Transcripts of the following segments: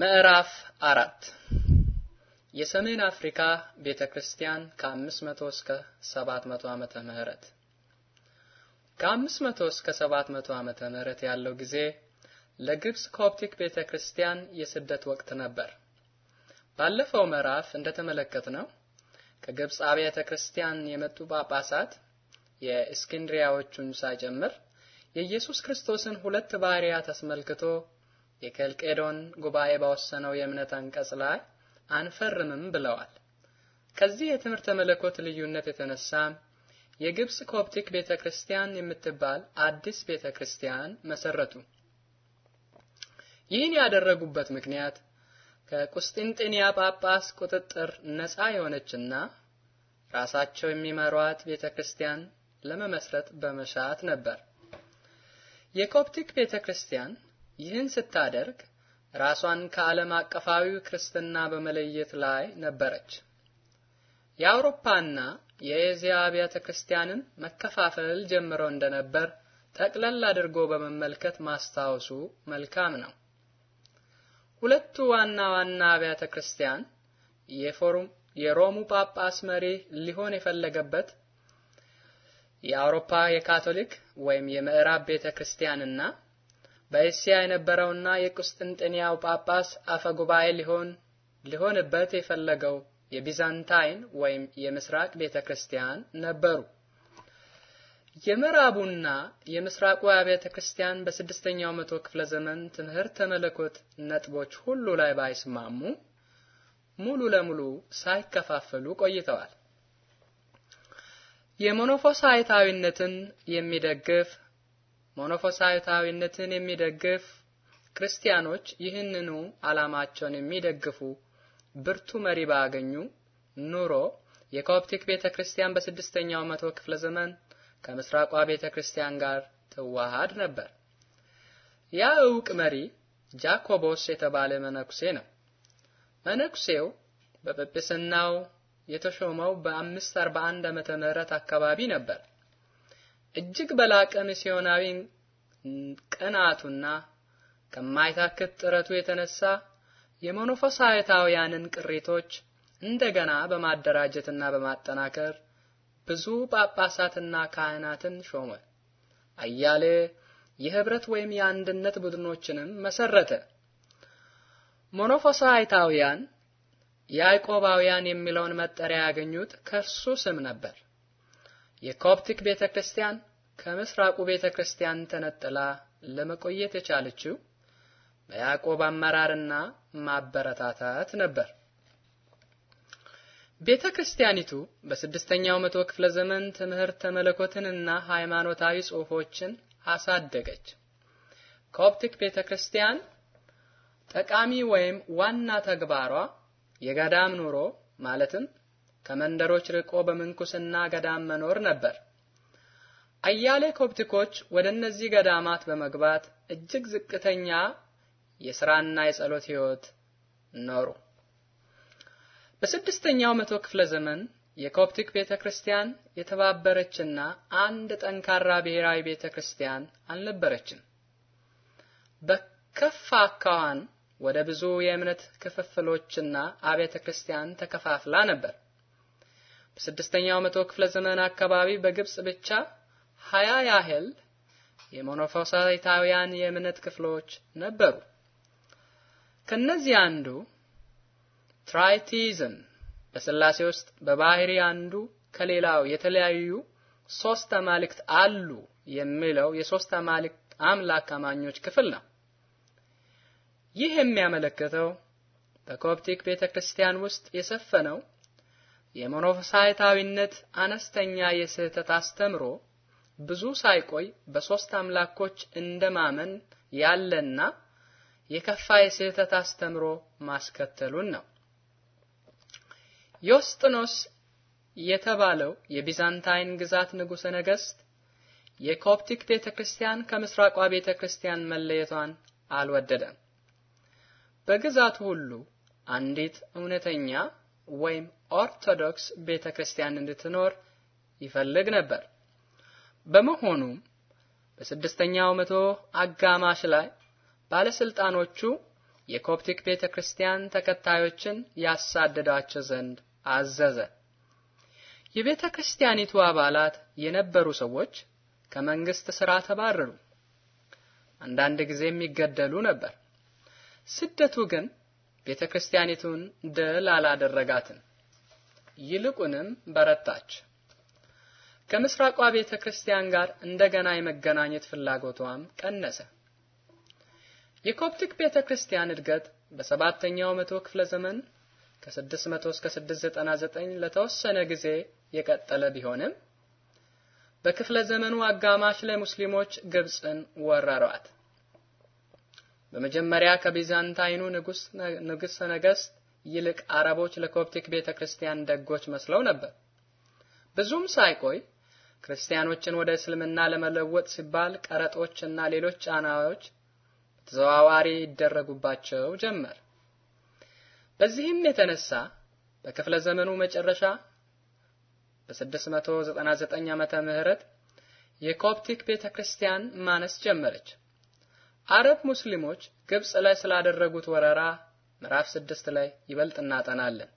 ምዕራፍ አራት የሰሜን አፍሪካ ቤተ ክርስቲያን ከ500 እስከ 700 ዓመተ ምህረት ከ500 እስከ 700 ዓመተ ምህረት ያለው ጊዜ ለግብጽ ኮፕቲክ ቤተ ክርስቲያን የስደት ወቅት ነበር። ባለፈው ምዕራፍ እንደተመለከትነው ከግብጽ አብያተ ክርስቲያን የመጡ ጳጳሳት የእስክንድሪያዎቹን ሳይጨምር የኢየሱስ ክርስቶስን ሁለት ባህሪያት አስመልክቶ የከልቄዶን ጉባኤ ባወሰነው የእምነት አንቀጽ ላይ አንፈርምም ብለዋል። ከዚህ የትምህርተ መለኮት ልዩነት የተነሳ የግብጽ ኮፕቲክ ቤተክርስቲያን የምትባል አዲስ ቤተክርስቲያን መሰረቱ። ይህን ያደረጉበት ምክንያት ከቁስጥንጥንያ ጳጳስ ቁጥጥር ነፃ የሆነችና ራሳቸው የሚመሯት ቤተክርስቲያን ለመመስረት በመሻት ነበር። የኮፕቲክ ቤተክርስቲያን ይህን ስታደርግ ራሷን ከዓለም አቀፋዊ ክርስትና በመለየት ላይ ነበረች። የአውሮፓና የኤዚያ አብያተ ክርስቲያንን መከፋፈል ጀምሮ እንደነበር ጠቅለል አድርጎ በመመልከት ማስታወሱ መልካም ነው። ሁለቱ ዋና ዋና አብያተ ክርስቲያን የፎሩም የሮሙ ጳጳስ መሪ ሊሆን የፈለገበት የአውሮፓ የካቶሊክ ወይም የምዕራብ ቤተ ክርስቲያንና በእስያ የነበረውና የቁስጥንጥንያው ጳጳስ አፈ ጉባኤ ሊሆን ሊሆንበት የፈለገው የቢዛንታይን ወይም የምስራቅ ቤተክርስቲያን ነበሩ። የምዕራቡና የምስራቁ አብያተ ክርስቲያን በስድስተኛው መቶ ክፍለ ዘመን ትምህርተ መለኮት ነጥቦች ሁሉ ላይ ባይስማሙ ሙሉ ለሙሉ ሳይከፋፈሉ ቆይተዋል። የሞኖፎሳይታዊነትን የሚደግፍ መነኮሳታዊነትን የሚደግፍ ክርስቲያኖች ይህንኑ ዓላማቸውን የሚደግፉ ብርቱ መሪ ባገኙ ኑሮ የኮፕቲክ ቤተክርስቲያን በስድስተኛው መቶ ክፍለ ዘመን ከምስራቋ ቤተክርስቲያን ጋር ትዋሃድ ነበር። ያ ዕውቅ መሪ ጃኮቦስ የተባለ መነኩሴ ነው። መነኩሴው በጵጵስናው የተሾመው በ541 ዓመተ ምህረት አካባቢ ነበር። እጅግ በላቀ ሚስዮናዊ ቅናቱና ከማይታከት ጥረቱ የተነሳ የሞኖፎሳይታውያንን ቅሪቶች እንደገና በማደራጀትና በማጠናከር ብዙ ጳጳሳትና ካህናትን ሾመ። አያሌ የህብረት ወይም የአንድነት ቡድኖችንም መሰረተ። ሞኖፎሳይታውያን ያዕቆባውያን የሚለውን መጠሪያ ያገኙት ከእርሱ ስም ነበር። የኮፕቲክ ቤተ ክርስቲያን ከምስራቁ ቤተ ክርስቲያን ተነጥላ ለመቆየት የቻለችው በያዕቆብ አመራርና ማበረታታት ነበር። ቤተ ክርስቲያኒቱ በስድስተኛው መቶ ክፍለ ዘመን ትምህርተ መለኮትንና ሃይማኖታዊ ጽሑፎችን አሳደገች። ኮፕቲክ ቤተ ክርስቲያን ጠቃሚ ወይም ዋና ተግባሯ የገዳም ኑሮ ማለትም ከመንደሮች ርቆ በምንኩስና ገዳም መኖር ነበር። አያሌ ኮፕቲኮች ወደ እነዚህ ገዳማት በመግባት እጅግ ዝቅተኛ የሥራና የጸሎት ሕይወት ኖሩ። በስድስተኛው መቶ ክፍለ ዘመን የኮፕቲክ ቤተ ክርስቲያን የተባበረችና አንድ ጠንካራ ብሔራዊ ቤተ ክርስቲያን አልነበረችም። በከፋ አካዋን ወደ ብዙ የእምነት ክፍፍሎችና አብያተ ክርስቲያን ተከፋፍላ ነበር። በስድስተኛው መቶ ክፍለ ዘመን አካባቢ በግብጽ ብቻ ሀያ ያህል የሞኖፎሳይታውያን የእምነት ክፍሎች ነበሩ። ከነዚህ አንዱ ትራይቲዝም በስላሴ ውስጥ በባህሪ አንዱ ከሌላው የተለያዩ ሶስት አማልክት አሉ የሚለው የሶስት አማልክት አምላክ አማኞች ክፍል ነው። ይህ የሚያመለክተው በኮፕቲክ ቤተክርስቲያን ውስጥ የሰፈነው የሞኖሳይታዊነት አነስተኛ የስህተት አስተምሮ ብዙ ሳይቆይ በሶስት አምላኮች እንደማመን ያለና የከፋ የስህተት አስተምሮ ማስከተሉን ነው። ዮስጥኖስ የተባለው የቢዛንታይን ግዛት ንጉሠ ነገሥት የኮፕቲክ ቤተ ክርስቲያን ከምስራቋ ቤተ ክርስቲያን መለየቷን አልወደደም። በግዛቱ ሁሉ አንዲት እውነተኛ ወይም ኦርቶዶክስ ቤተ ክርስቲያን እንድትኖር ይፈልግ ነበር። በመሆኑም በስድስተኛው መቶ አጋማሽ ላይ ባለስልጣኖቹ የኮፕቲክ ቤተ ክርስቲያን ተከታዮችን ያሳደዳቸው ዘንድ አዘዘ። የቤተ ክርስቲያኒቱ አባላት የነበሩ ሰዎች ከመንግስት ስራ ተባረሩ፣ አንዳንድ ጊዜም ይገደሉ ነበር። ስደቱ ግን ቤተ ክርስቲያኒቱን ድል አላደረጋትም፣ ይልቁንም በረታች። ከምስራቋ ቤተ ክርስቲያን ጋር እንደገና የመገናኘት ፍላጎቷም ቀነሰ። የኮፕቲክ ቤተ ክርስቲያን እድገት በሰባተኛው መቶ ክፍለ ዘመን ከ600 እስከ 699 ለተወሰነ ጊዜ የቀጠለ ቢሆንም በክፍለ ዘመኑ አጋማሽ ላይ ሙስሊሞች ግብጽን ወረሯት። በመጀመሪያ ከቢዛንታይኑ ንጉስ ንጉስ ነገስት ይልቅ አረቦች ለኮፕቲክ ቤተክርስቲያን ደጎች መስለው ነበር። ብዙም ሳይቆይ ክርስቲያኖችን ወደ እስልምና ለመለወጥ ሲባል ቀረጦች እና ሌሎች ጫናዎች ተዘዋዋሪ ይደረጉባቸው ጀመር። በዚህም የተነሳ በክፍለ ዘመኑ መጨረሻ በ699 ዓመተ ምህረት የኮፕቲክ ቤተክርስቲያን ማነስ ጀመረች። አረብ ሙስሊሞች ግብጽ ላይ ስላደረጉት ወረራ ምዕራፍ ስድስት ላይ ይበልጥ እናጠናለን።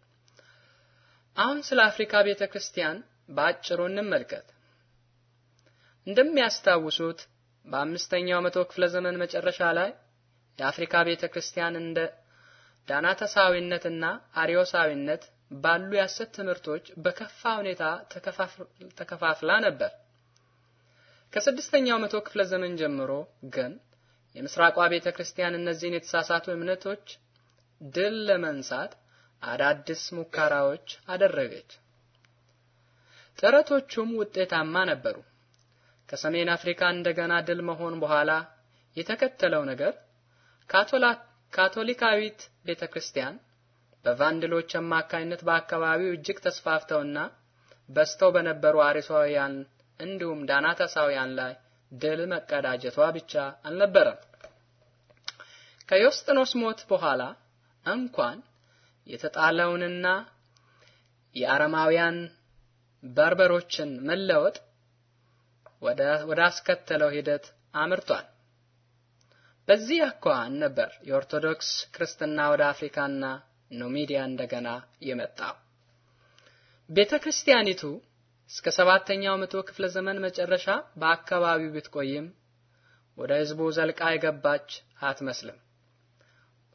አሁን ስለ አፍሪካ ቤተ ክርስቲያን በአጭሩ እንመልከት። እንደሚያስታውሱት በአምስተኛው መቶ ክፍለ ዘመን መጨረሻ ላይ የአፍሪካ ቤተ ክርስቲያን እንደ ዳናተሳዊነትና አሪዮሳዊነት ባሉ የሐሰት ትምህርቶች በከፋ ሁኔታ ተከፋፍላ ነበር። ከስድስተኛው መቶ ክፍለ ዘመን ጀምሮ ግን የምስራቋ ቤተ ክርስቲያን እነዚህን የተሳሳቱ እምነቶች ድል ለመንሳት አዳዲስ ሙከራዎች አደረገች። ጥረቶቹም ውጤታማ ነበሩ። ከሰሜን አፍሪካ እንደገና ድል መሆን በኋላ የተከተለው ነገር ካቶሊካዊት ቤተ ክርስቲያን በቫንድሎች አማካኝነት በአካባቢው እጅግ ተስፋፍተውና በስተው በነበሩ አሪሳውያን እንዲሁም ዳናታሳውያን ላይ ድል መቀዳጀቷ ብቻ አልነበረም። ከዮስጥኖስ ሞት በኋላ እንኳን የተጣለውንና የአረማውያን በርበሮችን መለወጥ ወደ አስከተለው ሂደት አምርቷል። በዚህ አኳኋን ነበር የኦርቶዶክስ ክርስትና ወደ አፍሪካና ኑሚዲያ እንደገና የመጣው። ቤተ ክርስቲያኒቱ እስከ ሰባተኛው መቶ ክፍለ ዘመን መጨረሻ በአካባቢው ብትቆይም ወደ ህዝቡ ዘልቃ የገባች አትመስልም።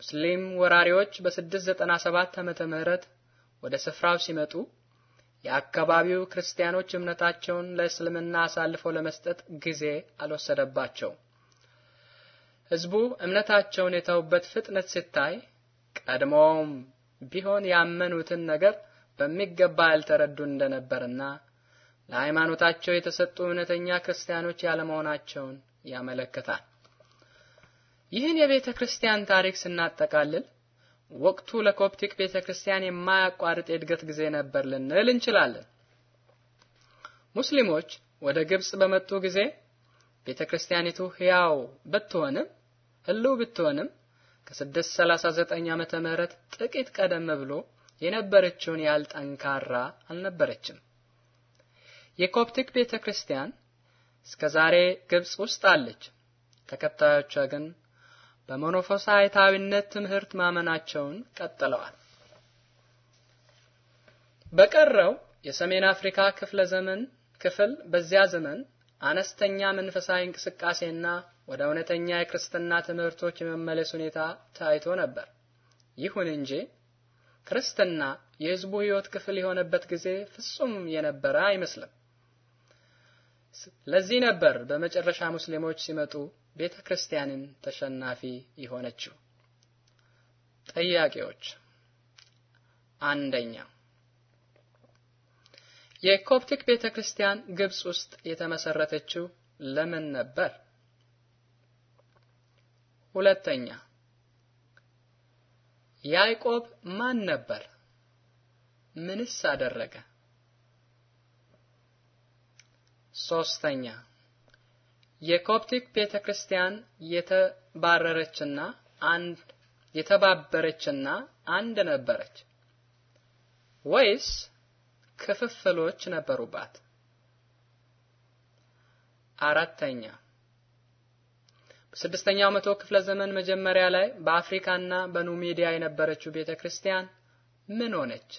ሙስሊም ወራሪዎች በ697 ዓመተ ምህረት ወደ ስፍራው ሲመጡ የአካባቢው ክርስቲያኖች እምነታቸውን ለእስልምና አሳልፈው ለመስጠት ጊዜ አልወሰደባቸው። ህዝቡ እምነታቸውን የተውበት ፍጥነት ሲታይ ቀድሞውም ቢሆን ያመኑትን ነገር በሚገባ ያልተረዱ እንደነበርና ለሃይማኖታቸው የተሰጡ እውነተኛ ክርስቲያኖች ያለመሆናቸውን ያመለክታል። ይህን የቤተ ክርስቲያን ታሪክ ስናጠቃልል ወቅቱ ለኮፕቲክ ቤተ ክርስቲያን የማያቋርጥ የእድገት ጊዜ ነበር ልንል እንችላለን። ሙስሊሞች ወደ ግብጽ በመጡ ጊዜ ቤተ ክርስቲያኒቱ ሕያው ብትሆንም ህልው ብትሆንም ከ639 ዓመተ ምህረት ጥቂት ቀደም ብሎ የነበረችውን ያህል ጠንካራ አልነበረችም። የኮፕቲክ ቤተ ክርስቲያን እስከ ዛሬ ግብጽ ውስጥ አለች። ተከታዮቿ ግን በመኖፎሳይታዊነት ትምህርት ማመናቸውን ቀጥለዋል። በቀረው የሰሜን አፍሪካ ክፍለ ዘመን ክፍል በዚያ ዘመን አነስተኛ መንፈሳዊ እንቅስቃሴና ወደ እውነተኛ የክርስትና ትምህርቶች የመመለስ ሁኔታ ታይቶ ነበር። ይሁን እንጂ ክርስትና የሕዝቡ ሕይወት ክፍል የሆነበት ጊዜ ፍጹም የነበረ አይመስልም። ለዚህ ነበር በመጨረሻ ሙስሊሞች ሲመጡ ቤተ ክርስቲያንን ተሸናፊ የሆነችው። ጥያቄዎች፣ አንደኛ የኮፕቲክ ቤተ ክርስቲያን ግብጽ ውስጥ የተመሰረተችው ለምን ነበር? ሁለተኛ ያዕቆብ ማን ነበር? ምንስ አደረገ? ሶስተኛ የኮፕቲክ ቤተ ክርስቲያን የተባረረችና አንድ የተባበረችና አንድ ነበረች ወይስ ክፍፍሎች ነበሩባት? አራተኛ በስድስተኛው መቶ ክፍለ ዘመን መጀመሪያ ላይ በአፍሪካና በኑሜዲያ የነበረችው ቤተ ክርስቲያን ምን ሆነች?